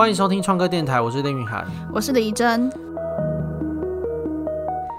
歡迎收聽創客電台，我是丁允涵，我是李儀真。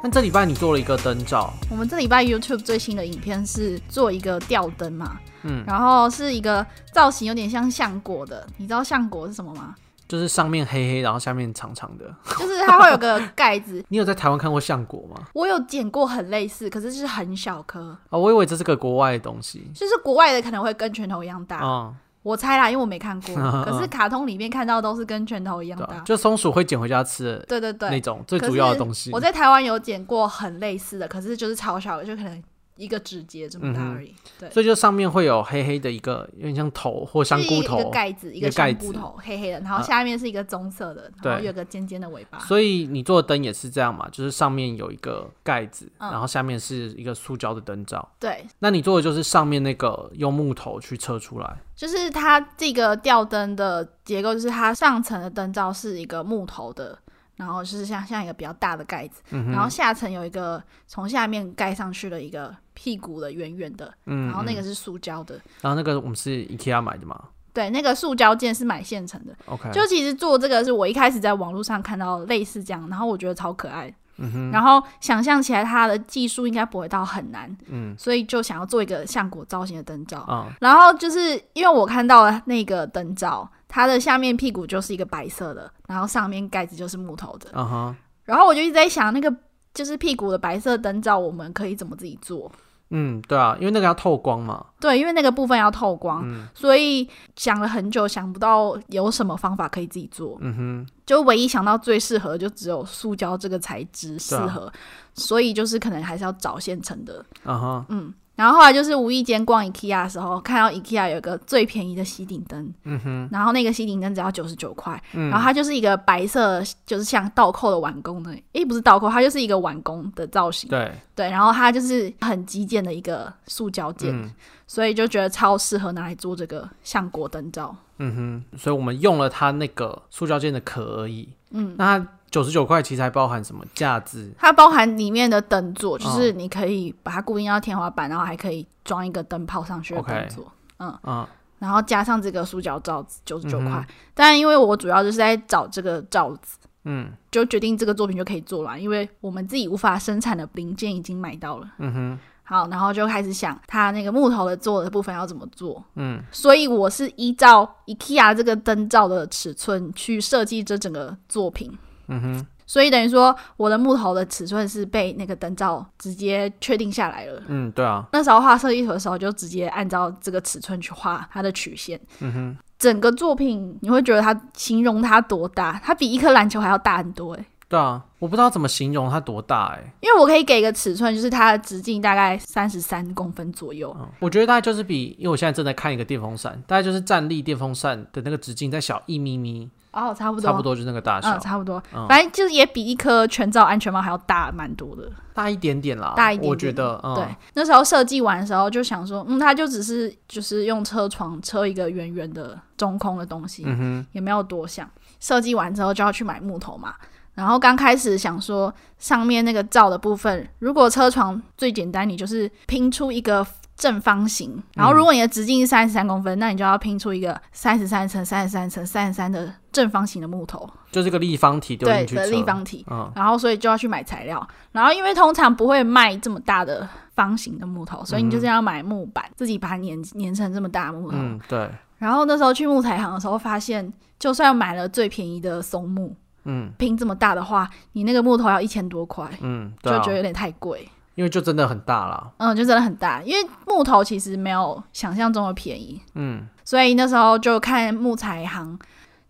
那這禮拜你做了一個燈罩，我們這禮拜 YouTube 最新的影片是做一個吊燈嘛？嗯，然後是一個造型有點像橡果的，你知道橡果是什麼嗎？就是上面黑黑，然後下面長長的，就是它會有個蓋子。 你有在台灣看過橡果嗎？我有撿過，很類似，可是是很小顆。哦。我以為這是個國外的東西，就是國外的可能會跟拳頭一樣大。哦我猜啦，因為我沒看過。嗯嗯嗯，可是卡通裡面看到都是跟拳頭一樣的，啊啊，就松鼠會撿回家吃，對對對，那種最主要的東西對對對。我在台灣有撿過很類似的，可是就是超小的，就可能。一個指節這麼大而已，嗯、哼對，所以就上面會有黑黑的一個，有點像頭或像香菇頭，一個蓋子，一個蓋子。香菇頭，黑黑的，然後下面是一個棕色的，對、嗯，然後有個尖尖的尾巴。所以你做的燈也是這樣嘛？就是上面有一個蓋子，嗯、然後下面是一個塑膠的燈罩，對、嗯。那你做的就是上面那個用木頭去車出來，就是它這個吊燈的結構，就是它上層的燈罩是一個木頭的。然後就是像像一個比較大的蓋子，嗯、哼然後下層有一個從下面蓋上去的一個屁股的圓圓的，然後那個是塑膠的。嗯嗯、然後那個我們是 IKEA 買的嘛？對，那個塑膠件是買現成的。Okay. 就其實做這個是我一開始在網絡上看到類似這樣，然後我覺得超可愛，嗯、哼然後想象起來它的技術應該不會到很難，嗯、所以就想要做一個橡果造型的燈罩。哦、然後就是因為我看到了那個燈罩，它的下面屁股就是一個白色的，然後上面蓋子就是木頭的。Uh huh. 然後我就一直在想，那個就是屁股的白色燈罩，我們可以怎麼自己做？嗯，對啊，因為那個要透光嘛。對，因為那個部分要透光，嗯、所以想了很久，想不到有什麼方法可以自己做。嗯、uh huh. 就唯一想到最適合就只有塑膠這個材質適合，啊、所以就是可能還是要找現成的。Uh huh. 嗯。然後後來就是無意間逛 IKEA 的時候，看到 IKEA 有一個最便宜的吸頂燈，嗯、哼然後那個吸頂燈只要九十九塊，嗯、然後它就是一個白色，就是像倒扣的碗公的，誒，不是倒扣，它就是一個碗公的造型，對，對，然後它就是很極簡的一個塑膠件，嗯、所以就覺得超適合拿來做這個橡果燈罩，嗯哼，所以我們用了它那個塑膠件的殼而已，嗯，那。九十九塊，其實還包含什麼價值？它包含裡面的燈座，嗯、就是你可以把它固定到天花板，然後還可以裝一個燈泡上去的燈座。Okay, 嗯,嗯,嗯然後加上這個塑膠罩子，九十九塊。嗯、哼但因為我主要就是在找這個罩子，嗯，就決定這個作品就可以做了，因為我們自己無法生產的零件已經買到了。嗯哼。好，然後就開始想它那個木頭的做的部分要怎麼做。嗯，所以我是依照 IKEA 這個燈罩的尺寸去設計這整個作品。嗯哼，所以等於說我的木頭的尺寸是被那個燈罩直接確定下來了。嗯，對啊。那時候畫設計圖的時候就直接按照這個尺寸去畫它的曲線。嗯哼，整個作品你會覺得它形容，它多大？它比一顆籃球還要大很多欸。對啊，我不知道怎麼形容它多大欸。因為我可以給一個尺寸，就是它的直徑大概三十三公分左右。嗯。我覺得大概就是比，因為我現在正在看一個電風扇，大概就是站立電風扇的那個直徑再小一咪咪。哦，差不多，差不多就那個大小，嗯、差不多，嗯、反正就是也比一顆全罩安全帽還要大蠻多的，大一點點啦，大一點點，我覺得。嗯、對，那時候設計完的時候就想說，嗯，它就只是就是用車床車一個圓圓的中空的東西，嗯、哼也沒有多想。設計完之後就要去買木頭嘛，然後剛開始想說上面那個罩的部分，如果車床最簡單，你就是拼出一個。正方形，然後如果你的直徑是三十三公分，嗯、那你就要拼出一個三十三乘三十三乘三十三的正方形的木頭，就是一個立方體。對的立方體，嗯、然後所以就要去買材料，然後因為通常不會賣這麼大的方形的木頭，所以你就是要買木板，嗯、自己把它粘粘成這麼大木頭。嗯、對。然後那時候去木材行的時候，發現就算要買了最便宜的松木，嗯，拼這麼大的話，你那個木頭要一千多塊，嗯，哦、就覺得有點太貴。因為就真的很大了，嗯，就真的很大，因為木頭其實沒有想象中的便宜，嗯，所以那時候就看木材行，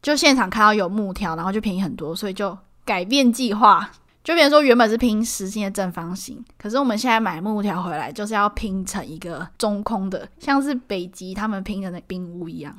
就現場看到有木條，然後就便宜很多，所以就改變計劃，就比如說原本是拼實心的正方形，可是我們現在買木條回來就是要拼成一個中空的，像是北極他們拼的那冰屋一樣。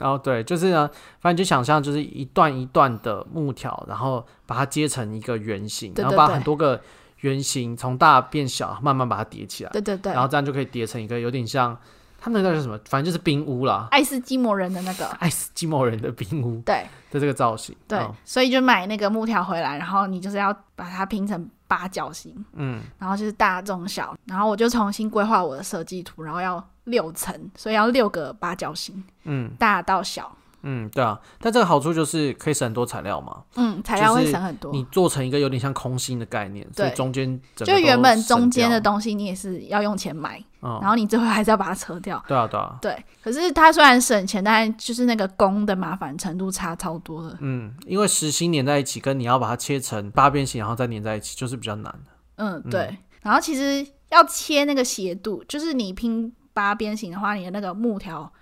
哦，對，就是呢，反正就想象就是一段一段的木條，然後把它接成一個圓形，然後把很多個對對對。圓形從大變小，慢慢把它疊起來。對對對，然後這樣就可以疊成一個有點像，他們那個叫什麼？反正就是冰屋啦。愛斯基摩人的那個，愛斯基摩人的冰屋。對，就這個造型。對，哦。所以就買那個木條回來，然後你就是要把它拼成八角形。嗯，然後就是大中小，然後我就重新規劃我的設計圖，然後要六層，所以要六個八角形。嗯，大到小。嗯，對啊，但這個好處就是可以省很多材料嘛。嗯，材料會省很多。你做成一個有點像空心的概念，對所以中間整個就原本中間的東西你也是要用錢買，嗯、然後你最後還是要把它扯掉。對啊，對啊。對，可是它雖然省錢，但就是那個工的麻煩程度差超多的。嗯，因為實心粘在一起，跟你要把它切成八邊形，然後再粘在一起，就是比較難。嗯，對。嗯、然後其實要切那個斜度，就是你拼八邊形的話，你的那個木條。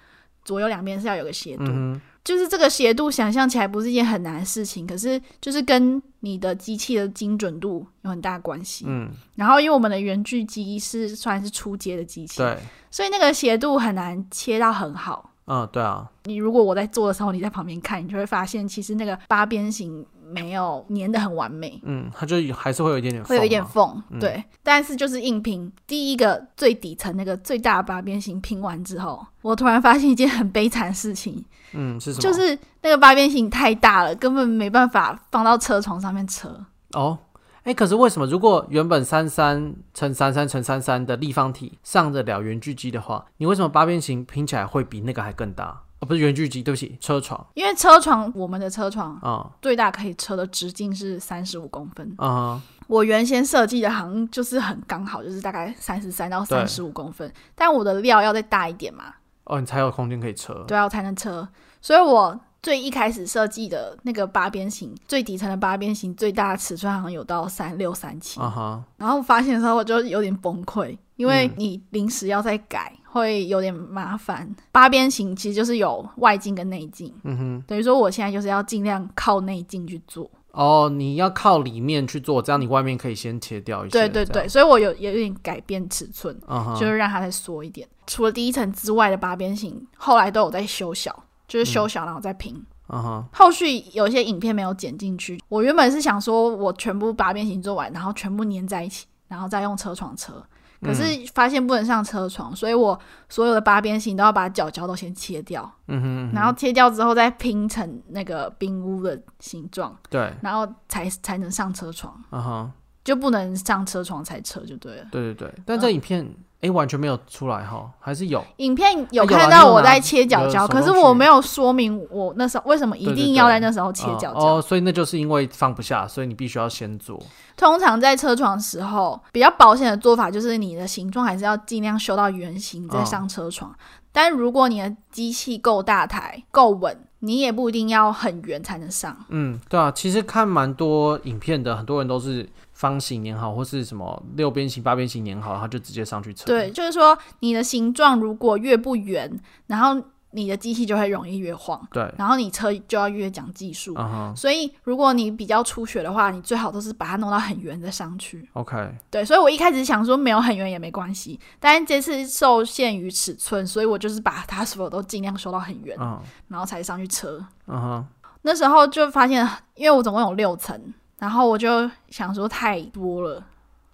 左右兩邊是要有個斜度，嗯、就是這個斜度想象起來不是一件很難的事情，可是就是跟你的機器的精準度有很大的關係。嗯，然後因為我們的圓鋸機是算是初階的機器，對，所以那個斜度很難切到很好。嗯、哦，對啊，你如果我在做的時候，你在旁邊看，你就會發現其實那個八邊形。沒有粘的很完美，嗯，它就還是會有一點點，會有一點縫、嗯，對。但是就是硬拼第一個最底層那個最大的八邊形拼完之後，我突然發現一件很悲慘的事情，嗯，是什麼？就是那個八邊形太大了，根本沒辦法放到車床上面車。哦，哎、欸，可是為什麼？如果原本三三乘三三乘三三的立方體上得了圓鋸機的話，你為什麼八邊形拼起來會比那個還更大？哦，不是圓鋸機，對不起，車床。因為車床，我們的車床啊，哦、最大可以車的直徑是三十五公分啊。嗯、哼我原先設計的，好像就是很剛好，就是大概三十三到三十五公分。對但我的料要再大一點嘛？哦，你才有空間可以車。對啊，我才能車。所以我最一開始設計的那個八邊形，最底層的八邊形最大的尺寸好像有到三六三七、嗯、哼然後發現的時候，我就有點崩潰，因為你臨時要再改。嗯會有點麻煩。八邊形其實就是有外徑跟內徑，嗯哼，等於說我現在就是要盡量靠內徑去做。哦，oh, 你要靠裡面去做，這樣你外面可以先切掉一些。對對對，這樣。所以我有有點改變尺寸，uh huh. 就是讓它再縮一點。除了第一層之外的八邊形，後來都有在修小，就是修小、uh huh. 然後再平。嗯哈、uh，huh. 後續有一些影片沒有剪進去，我原本是想說我全部八邊形做完，然後全部粘在一起，然後再用車床車。可是發現不能上車床，嗯、所以我所有的八邊形都要把角角都先切掉，嗯哼嗯哼，然後切掉之後再拼成那個冰屋的形狀，對，然後才才能上車床，嗯、哼就不能上車床才車就對了，對對對，但這影片、嗯。誒，完全沒有出來哈，還是有。影片有看到我在切角角，啊啊、可是我沒有說明我那時候為什麼一定要在那時候切角角，嗯哦，所以那就是因為放不下，所以你必須要先做。通常在車床的時候比較保險的做法，就是你的形狀還是要盡量修到圓形再上車床。嗯、但如果你的機器夠大台、夠穩，你也不一定要很圓才能上。嗯，對啊，其實看蠻多影片的，很多人都是。方形粘好或是什麼六邊形、八邊形粘好，它就直接上去車。對，就是說你的形狀如果越不圓，然後你的機器就會容易越晃。對，然後你車就要越講技術。Uh huh. 所以如果你比較初學的話，你最好都是把它弄到很圓再上去。OK。對，所以我一開始想說沒有很圓也沒關係，但這次受限於尺寸，所以我就是把它所有都儘量收到很圓，uh huh. 然後才上去車。Uh huh. 那時候就發現，因為我總共有六層。然後我就想說太多了，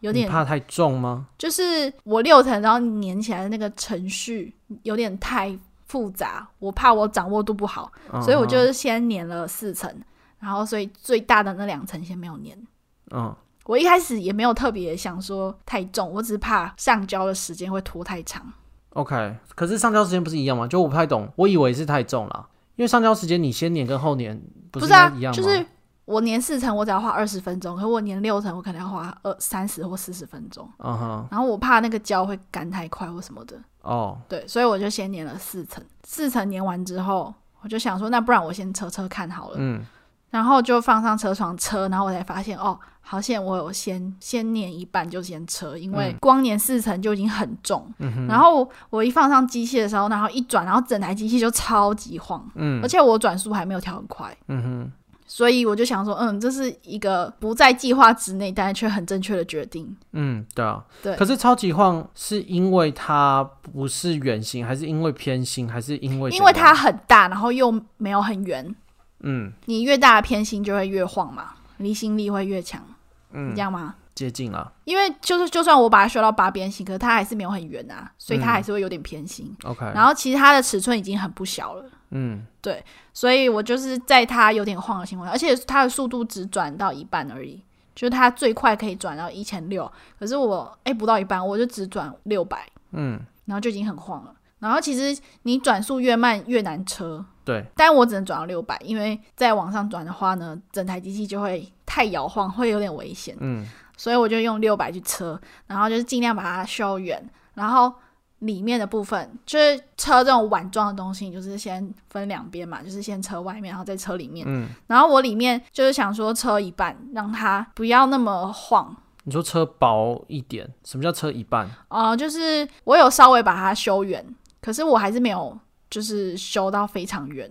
有點你怕太重嗎？就是我六層，然後粘起來的那個程序有點太複雜，我怕我掌握度不好，嗯、哼所以我就是先粘了四層，然後所以最大的那兩層先沒有粘。嗯，我一開始也沒有特別想說太重，我只是怕上膠的時間會拖太長。OK，可是上膠時間不是一樣嗎？就我不太懂，我以為是太重了，因為上膠時間你先粘跟後粘不是一樣嗎？不是啊。就是我粘四層，我只要花二十分鐘；可是我粘六層，我可能要花二三十或四十分鐘。Uh huh. 然後我怕那個膠會乾太快或什麼的。哦。Oh. 對，所以我就先粘了四層。四層粘完之後，我就想說，那不然我先車車看好了。嗯、然後就放上車床車，然後我才發現，哦，好險我有先先粘一半就先車，因為光粘四層就已經很重。嗯、然後我,我一放上機器的時候，然後一轉，然後整台機器就超級晃。嗯、而且我轉速還沒有調很快。嗯,嗯所以我就想說，嗯，這是一個不在計劃之內，但是卻很正確的決定。嗯，對啊，對。可是超級晃，是因為它不是圓形，還是因為偏心，還是因為因為它很大，然後又沒有很圓。嗯，你越大的偏心就會越晃嘛，離心力會越強。嗯，這樣嗎？接近了、啊，因為就是就算我把它修到八邊形，可是它還是沒有很圓啊，所以它還是會有點偏心。嗯 okay，然後其實它的尺寸已經很不小了。嗯，對，所以我就是在它有點晃的情況下，而且它的速度只轉到一半而已，就是它最快可以轉到一千六，可是我哎、欸，不到一半，我就只轉六百。嗯，然後就已經很晃了。然後其實你轉速越慢越難車。對，但我只能轉到六百，因為再往上轉的話呢，整台機器就會太搖晃，會有點危險。嗯。所以我就用六百去車，然後就是儘量把它修圓，然後裡面的部分就是車這種碗狀的東西，就是先分兩邊嘛，就是先車外面，然後再車裡面。嗯，然後我裡面就是想說車一半，讓它不要那麼晃。你說車薄一點，什麼叫車一半？哦，呃，就是我有稍微把它修圓，可是我還是沒有，就是修到非常圓。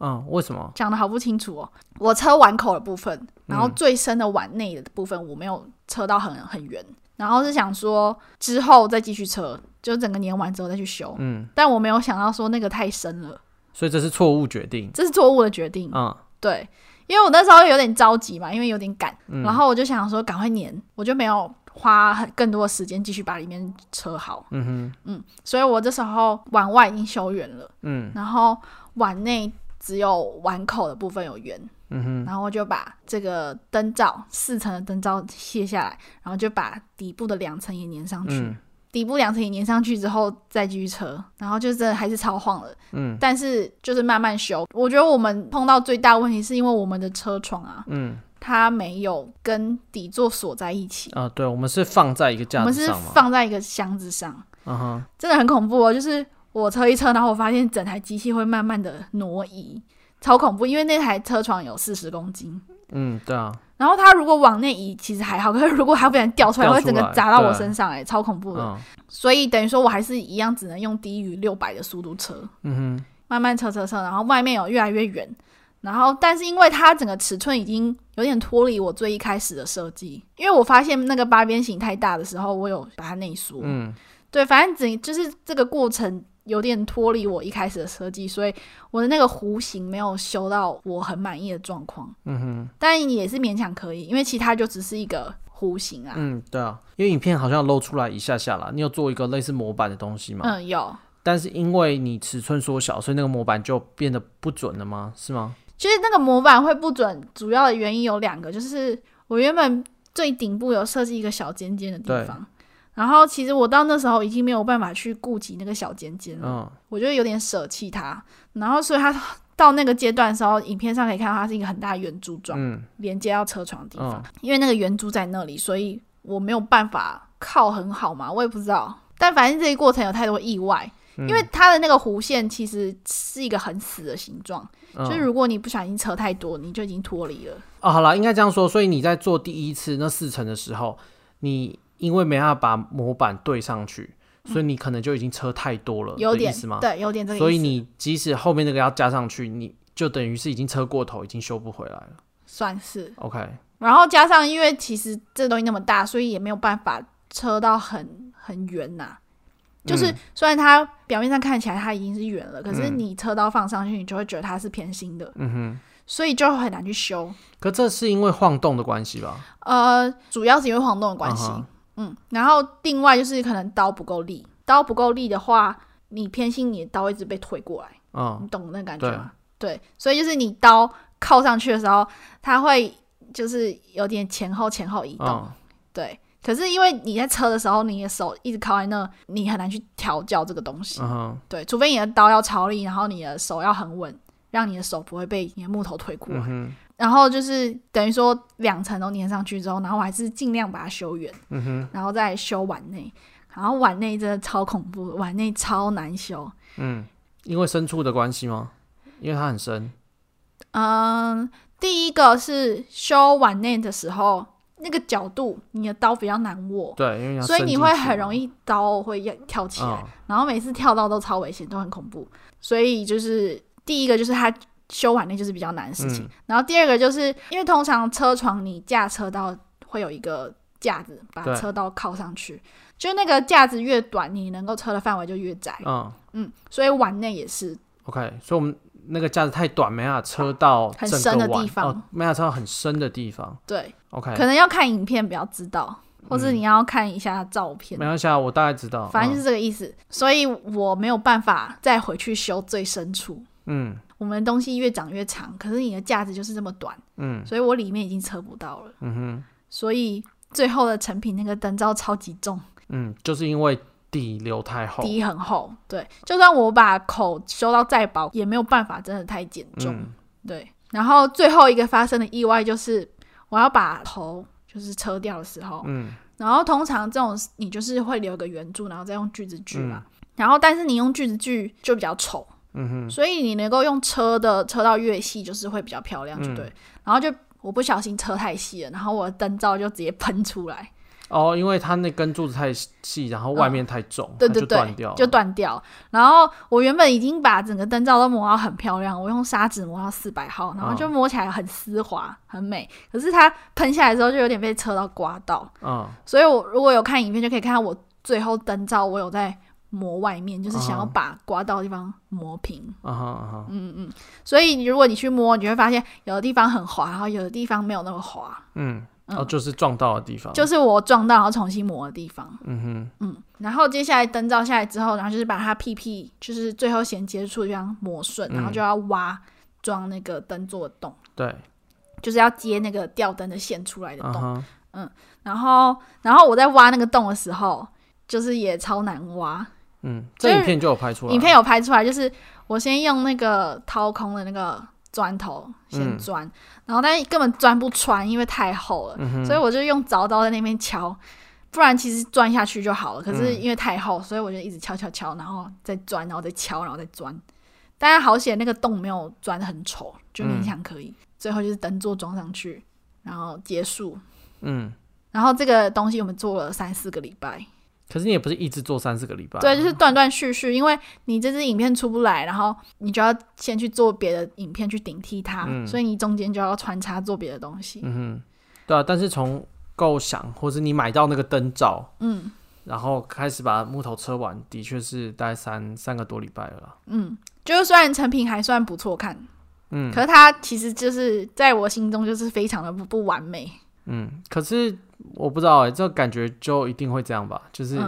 嗯，為什麼？講的好不清楚哦。我車碗口的部分，然後最深的碗內的部分，嗯、我沒有車到很很圓，然後是想說之後再繼續車，就整個粘完之後再去修。嗯，但我沒有想到說那個太深了，所以這是錯誤決定，這是錯誤的決定。嗯，對，因為我那時候有點着急嘛，因為有點趕，嗯、然後我就想說趕快粘，我就沒有花很更多的時間繼續把裡面車好。嗯哼嗯，所以我這時候碗外已經修圓了。嗯，然後碗內。只有碗口的部分有圓，嗯哼，然後就把這個燈罩四層的燈罩卸下來，然後就把底部的兩層也粘上去，嗯、底部兩層也粘上去之後再繼續車，然後就真的還是超晃了，嗯，但是就是慢慢修。我覺得我們碰到最大問題是因為我們的車床啊，嗯，它沒有跟底座鎖在一起啊，對，我們是放在一個這樣，我們是放在一個箱子上，嗯哼，真的很恐怖哦，就是。我車一車，然後我發現整台機器會慢慢的挪移，超恐怖！因為那台車床有四十公斤，嗯，對啊。然後它如果往內移，其實還好；可是如果它不然掉出來，出來會整個砸到我身上，誒對、欸，超恐怖的。嗯、所以等於說，我還是一樣，只能用低於六百的速度車，嗯哼，慢慢車車車。然後外面有越來越遠，然後但是因為它整個尺寸已經有點脫離我最一開始的設計，因為我發現那個八邊形太大的時候，我有把它內縮，嗯，對，反正整就是這個過程。有點脫離我一開始的設計，所以我的那個弧形沒有修到我很滿意的狀況。嗯哼，但也是勉強可以，因為其他就只是一個弧形啊。嗯，對啊，因為影片好像露出來一下下啦。你有做一個類似模板的東西嗎？嗯，有。但是因為你尺寸縮小，所以那個模板就變得不準了嗎？是嗎？其實那個模板會不準，主要的原因有兩個，就是我原本最頂部有設計一個小尖尖的地方。然後，其實我到那時候已經沒有辦法去顧及那個小尖尖了，哦、我覺得有點捨棄它。然後，所以它到那個階段的時候，影片上可以看到它是一個很大的圓珠狀，嗯、連接到車床的地方。哦、因為那個圓珠在那裡，所以我沒有辦法靠很好嘛，我也不知道。但反正這一過程有太多意外，嗯、因為它的那個弧線其實是一個很死的形狀，嗯、就是如果你不小心車太多，你就已經脫離了。哦，好了，應該這樣說。所以你在做第一次那四層的時候，你。因為沒辦法把模板對上去，嗯、所以你可能就已經車太多了，有點意思嗎？對，有點這個意思。所以你即使後面那個要加上去，你就等於是已經車過頭，已經修不回來了。算是 OK。然後加上，因為其實這東西那麼大，所以也沒有辦法車到很很圓吶、啊。就是雖然它表面上看起來它已經是圓了，嗯、可是你車刀放上去，你就會覺得它是偏心的。嗯哼。所以就很難去修。可這是因為晃動的關係吧？呃，主要是因為晃動的關係。嗯嗯，然後另外就是可能刀不夠力，刀不夠力的話，你偏心，你的刀一直被推過來，哦、你懂那感覺嗎？對，對，所以就是你刀靠上去的時候，它會就是有點前後前後移動，哦、對。可是因為你在車的時候，你的手一直靠在那，你很難去調教這個東西，哦、對。除非你的刀要超力，然後你的手要很穩，讓你的手不會被你的木頭推過來。嗯然後就是等於說兩層都粘上去之後，然後我還是盡量把它修圓，嗯哼，然後再修碗內，然後碗內真的超恐怖，碗內超難修。嗯，因為深處的關係嗎？因為它很深。嗯，第一個是修碗內的時候，那個角度你的刀比較難握，對，因為所以你會很容易刀會跳起來，哦，然後每次跳刀都超危險，都很恐怖。所以就是第一個就是它。修碗內就是比較難的事情，嗯、然後第二個就是因為通常車床你架車刀會有一個架子把車刀靠上去，對就那個架子越短，你能夠車的範圍就越窄。嗯嗯，所以碗內也是。OK，所以我們那個架子太短，沒辦法車到，啊、很深的地方，哦，沒辦法車到很深的地方。對，OK，可能要看影片比較知道，或是你要看一下照片。嗯、沒關係啊，我大概知道。反正就是這個意思，嗯、所以我沒有辦法再回去修最深處。嗯。我們東西越長越長，可是你的架子就是這麼短，嗯，所以我裡面已經車不到了，嗯哼，所以最後的成品那個燈罩超級重，嗯，就是因為底留太厚，底很厚，對，就算我把口修到再薄，也沒有辦法真的太減重，嗯、對。然後最後一個發生的意外就是，我要把頭就是車掉的時候，嗯，然後通常這種你就是會留個圓柱，然後再用鋸子鋸嘛，嗯、然後但是你用鋸子鋸就比較醜。嗯哼，所以你能夠用車的車到越細，就是會比較漂亮，對、對、嗯、然後就我不小心車太細了，然後我的燈罩就直接噴出來。哦，因為它那根柱子太細，然後外面太重，嗯、對對對，就斷掉。然後我原本已經把整個燈罩都磨到很漂亮，我用砂紙磨到四百號，然後就摸起來很絲滑，很美。可是它噴下來之後，就有點被車道刮到。嗯、所以我如果有看影片，就可以看到我最後燈罩我有在。磨外面就是想要把刮到的地方磨平。Uh huh. uh huh. 嗯嗯，所以你如果你去摸，你會發現有的地方很滑，然後有的地方沒有那麼滑。嗯，然後、嗯哦、就是撞到的地方，就是我撞到然後重新磨的地方。嗯哼，嗯，然後接下來燈罩下來之後，然後就是把它屁屁，就是最後銜接處這樣磨順，然後就要挖裝那個燈座的洞。對、嗯，就是要接那個吊燈的線出來的洞。Uh huh. 嗯，然後然後我在挖那個洞的時候，就是也超難挖。嗯，就是、這影片就有拍出來了。影片有拍出來，就是我先用那個掏空的那個鑽頭先鑽，嗯、然後但是根本鑽不穿，因為太厚了，嗯、哼所以我就用鑿刀，刀在那邊敲，不然其實鑽下去就好了。可是因為太厚，所以我就一直敲敲敲，然後再鑽，然後再敲，然後再鑽。但好險，那個洞沒有鑽得很醜，就勉強可以。嗯、最後就是燈座裝上去，然後結束。嗯，然後這個東西我們做了三四個禮拜。可是你也不是一直做三四個禮拜、啊，對，就是斷斷續續，因為你這支影片出不來，然後你就要先去做別的影片去頂替它，嗯、所以你中間就要穿插做別的東西。嗯對啊。但是從構想或是你買到那個燈罩，嗯，然後開始把木頭車完，的確是大概三三個多禮拜了。嗯，就是雖然成品還算不錯看，嗯，可是它其實就是在我心中就是非常的不不完美。嗯，可是我不知道哎、欸，這感覺就一定會這樣吧？就是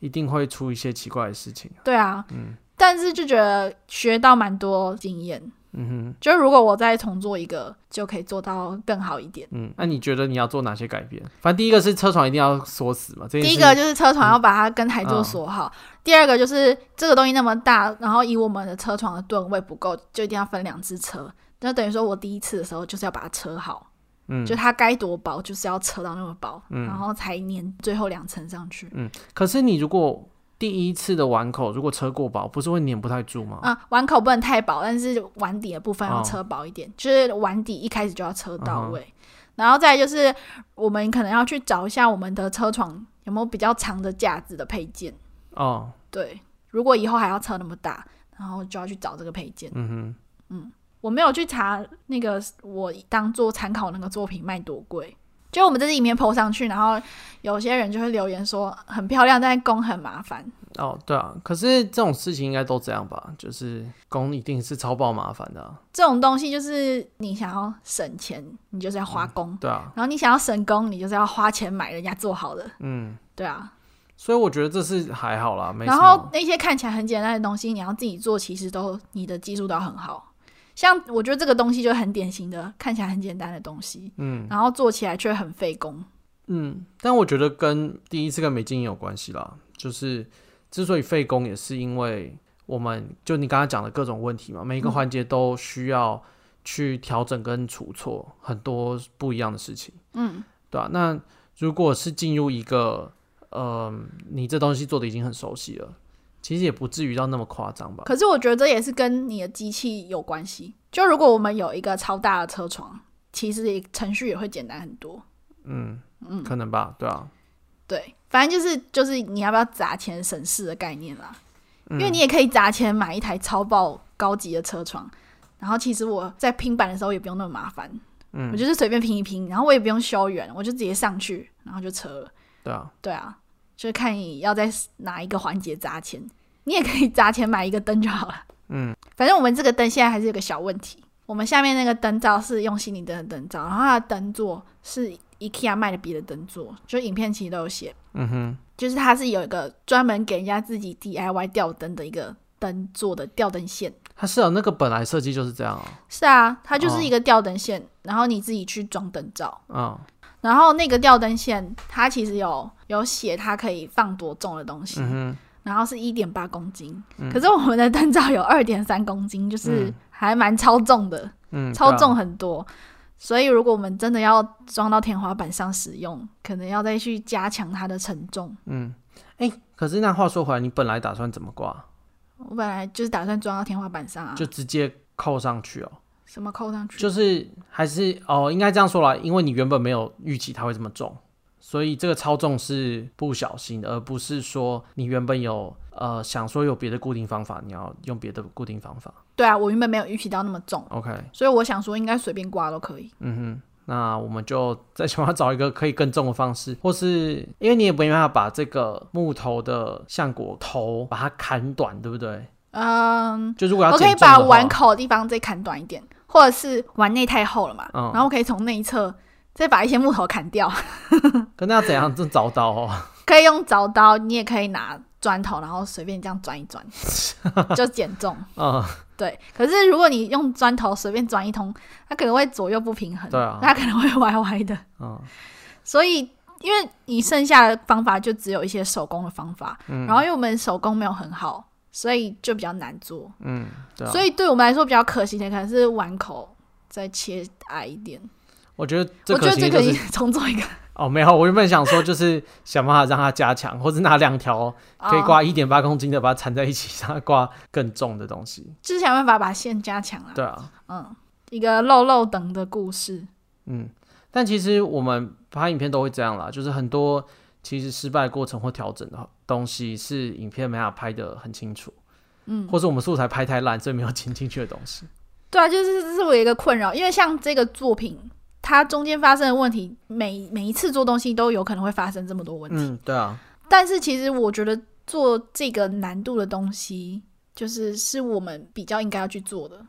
一定會出一些奇怪的事情、啊嗯。對啊，嗯，但是就覺得學到蠻多經驗。嗯哼，就如果我再重做一個，就可以做到更好一點。嗯，那、啊、你覺得你要做哪些改變？反正第一個是車床一定要鎖死嘛。第一個就是車床要把它跟台座鎖好。嗯嗯、第二個就是這個東西那麼大，然後以我們的車床的噸位不夠，就一定要分兩只車。那等於說我第一次的時候就是要把它車好。嗯，就它該多薄就是要車到那麼薄，嗯、然後才粘最後兩層上去。嗯，可是你如果第一次的碗口如果車過薄，不是會粘不太住嗎？啊、嗯，碗口不能太薄，但是碗底的部分要車薄一點，哦、就是碗底一開始就要車到位。哦、然後再來就是我們可能要去找一下我們的車床有沒有比較長的架子的配件。哦，對，如果以後還要車那麼大，然後就要去找這個配件。嗯哼，嗯。我沒有去查那個我當做參考那個作品賣多貴，就我們這裡面 PO 上去，然後有些人就會留言說很漂亮，但工很麻煩。哦，對啊，可是這種事情應該都這樣吧，就是工一定是超爆麻煩的啊。這種東西就是你想要省錢，你就是要花工，嗯，對啊，然後你想要省工，你就是要花錢買人家做好的。嗯，對啊。所以我覺得這是還好啦。沒。然後那些看起來很簡單的東西，你要自己做，其實都你的技術都很好。像我覺得這個東西就很典型的，看起來很簡單的東西，嗯，然後做起來卻很費工，嗯，但我覺得跟第一次跟沒經驗有關係啦，就是之所以費工也是因為我們就你剛才講的各種問題嘛，每一個環節都需要去調整跟除錯很多不一樣的事情，嗯，對吧、啊？那如果是進入一個嗯、呃，你這東西做的已經很熟悉了。其實也不至於到那麼誇張吧。可是我覺得這也是跟你的機器有關係。就如果我們有一個超大的車床，其實程序也會簡單很多。嗯嗯，嗯，可能吧。對啊，對，反正就是就是你要不要砸錢省事的概念啦。嗯、因為你也可以砸錢買一台超爆高級的車床，然後其實我在拼板的時候也不用那麼麻煩。嗯，我就是隨便拼一拼，然後我也不用修圓，我就直接上去，然後就車了。對啊，對啊。就是看你要在哪一個環節砸錢，你也可以砸錢買一個燈就好了。嗯，反正我們這個燈現在還是有個小問題，我們下面那個燈罩是用心靈燈的燈罩，然後它的燈座是 IKEA 賣的別的燈座，就影片其實都有寫。嗯哼,就是它是有一個專門給人家自己 DIY 吊燈的一個燈座的吊燈線。它是有那個本來設計就是這樣。是啊，它就是一個吊燈線，然後你自己去裝燈罩。啊。然後那個吊燈線，它其實有有寫它可以放多重的東西，嗯、哼然後是一點八公斤，嗯、可是我們的燈罩有二點三公斤，就是還蠻超重的，嗯、超重很多。嗯啊、所以如果我們真的要裝到天花板上使用，可能要再去加強它的承重。嗯，哎、欸，可是那話說回來，你本來打算怎麼掛？我本來就是打算裝到天花板上啊，就直接扣上去哦。什麼扣上去？就是還是哦，應該這樣說啦，因為你原本沒有預期它會這麼重，所以這個超重是不小心的，而不是說你原本有呃想說有別的固定方法，你要用別的固定方法。對啊，我原本沒有預期到那麼重。OK，所以我想說應該隨便掛都可以。嗯哼，那我們就再想要找一個可以更重的方式，或是因為你也沒辦法把這個木頭的橡果頭把它砍短，對不對？嗯，就是如果我可以把碗口的地方再砍短一點。或者是碗內太厚了嘛，嗯、然後可以從內側再把一些木頭砍掉。 可那要怎樣？就鑿刀哦。可以用鑿刀、刀，你也可以拿磚頭，然後隨便這樣鑽一鑽， 就減重、嗯、對。可是如果你用磚頭隨便鑽一通，它可能會左右不平衡。對啊。它可能會歪歪的。嗯。所以，因為你剩下的方法就只有一些手工的方法，嗯、然後因為我們手工沒有很好。所以就比較難做，嗯，對啊、所以對我們來說比較可行的可能是碗口再切矮一點。我覺得這、就是、我覺得最可行重做一個哦，沒有，我原本想說就是想辦法讓它加強， 或者拿兩條可以掛一點八公斤的，把它纏在一起，讓它掛更重的東西，就是想辦法把線加強啊。對啊，嗯，一個漏漏等的故事，嗯，但其實我們拍影片都會這樣啦，就是很多其實失敗過程或調整的。東西是影片沒法拍得很清楚，嗯，或是我們素材拍太爛，所以沒有剪進去的東西。對啊，就是這是我一個困擾，因為像這個作品，它中間發生的問題，每每一次做東西都有可能會發生這麼多問題。嗯，對啊。但是其實我覺得做這個難度的東西，就是是我們比較應該要去做的。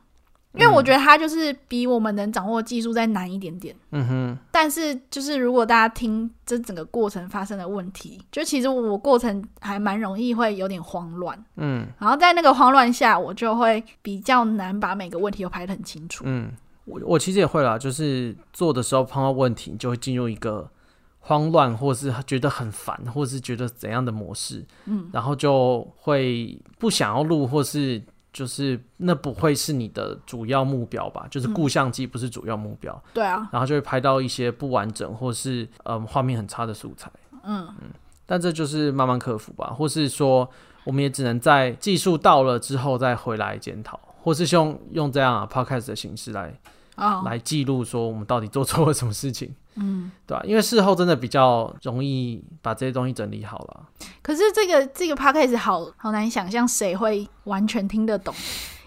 因為我覺得它就是比我們能掌握技術再難一點點。嗯哼。但是就是如果大家聽這整個過程發生的問題，就其實我過程還蠻容易會有點慌亂。嗯。然後在那個慌亂下，我就會比較難把每個問題都排得很清楚。嗯。我我其實也會啦，就是做的時候碰到問題，就會進入一個慌亂，或是覺得很煩，或是覺得怎樣的模式。嗯。然後就會不想要錄，或是。就是那不會是你的主要目標吧？就是顧相機不是主要目標，嗯、對啊，然後就會拍到一些不完整或是嗯，畫面很差的素材，嗯嗯，但這就是慢慢克服吧，或是說我們也只能在技術到了之後再回來檢討，或是用用這樣啊 podcast 的形式來。哦，來記錄說我們到底做錯了什麼事情，嗯，對吧、啊？因為事後真的比較容易把這些東西整理好了。可是這個這個 podcast 好好難想象誰會完全聽得懂，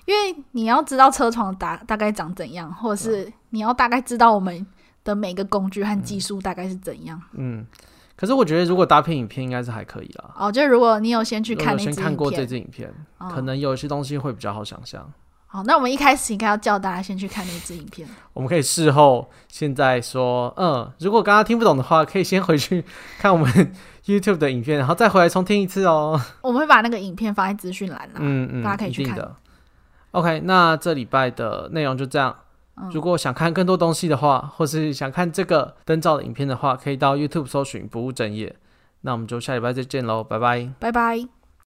因為你要知道車床大大概長怎樣，或者是你要大概知道我們的每個工具和技術大概是怎樣嗯。嗯，可是我覺得如果搭配影片應該是還可以啦。哦，就是如果你有先去看，有先看過這支影片，哦、可能有一些東西會比較好想象。好，那我們一開始應該要叫大家先去看那支影片。我們可以事後現在說，嗯，如果剛剛聽不懂的話，可以先回去看我們 YouTube 的影片，然後再回來重聽一次哦、喔。我們會把那個影片放在資訊欄嗯嗯，嗯大家可以去看。OK，那這禮拜的內容就這樣。嗯、如果想看更多東西的話，或是想看這個燈罩的影片的話，可以到 YouTube 搜尋不務正業。那我們就下禮拜再見嘍，拜拜，拜拜。